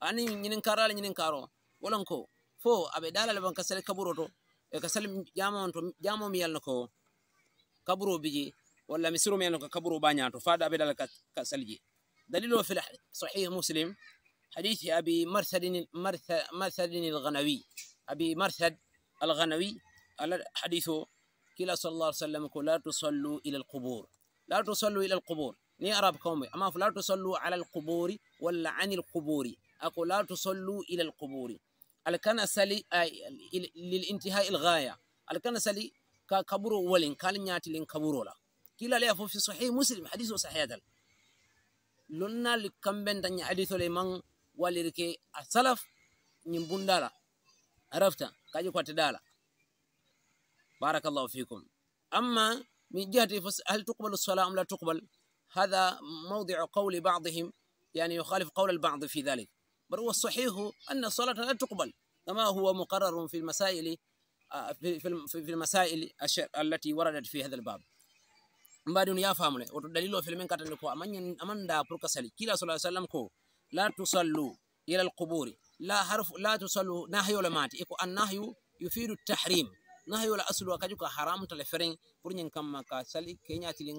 ani ñinin karala ñinin karo wolon ko fo abe dala le ban kasale kaburo to e kasale jamo to jamo mi yalno ko kaburo biji wala misru mi yalno ko kaburo bañato faada aɓe ɗala kasal ji dalilo fi sahih muslim حديث أبي مرثد مرثد الغنوي أبي مرثد الغنوي حديثه كلا صلى الله عليه وسلم لا تصلوا إلى القبور لا تصلوا إلى القبور ني أراب قومي أما لا تصلوا على القبور ولا عن القبور أقول لا تصلوا إلى القبور الكنسة للانتهاء الغاية الكنسة كقبر ولن قال نياتي لن قبر ولا كلا لا في صحيح مسلم حديث صحيح دل لنا لكمبن دنيا حديث لمن ولركي السلف نبون دالا عرفتا كاجو قوات دالا بارك الله فيكم أما من جهة هل تقبل الصلاة أم لا تقبل هذا موضع قول بعضهم يعني يخالف قول البعض في ذلك بل هو الصحيح أن الصلاة لا تقبل كما هو مقرر في المسائل في المسائل التي وردت في هذا الباب mbaɗi on yafamule woto dalilo fele min katande ko amañan amanda pour ka sali kila sa sallam ko la tusallu ila alquburi la harf la tusallu nahyola mati eko annahyu yufidu tahrim nahyola aslu kaju ka haramtale feren pour ñin kamma ka sali keñatilin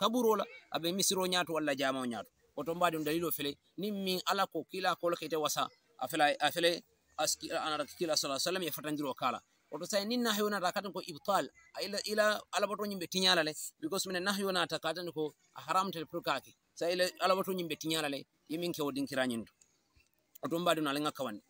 kaburola aɓe misiro ñaatu walla jamao ñaatu woto mbaɗum dalilo fele ni min ala ko kila kolo kete wasa afele afele anara kila sa ya e fatandiro kala woto sai nin nahyo nata katan ko ibtal ila ila boto nyimbe tinyala le because min nahyo nata katan ko haram haramtel pour sai ila ala boto nyimbe tinyala le yemin kewo dinkirañin to oto mbaɗum alaga kawani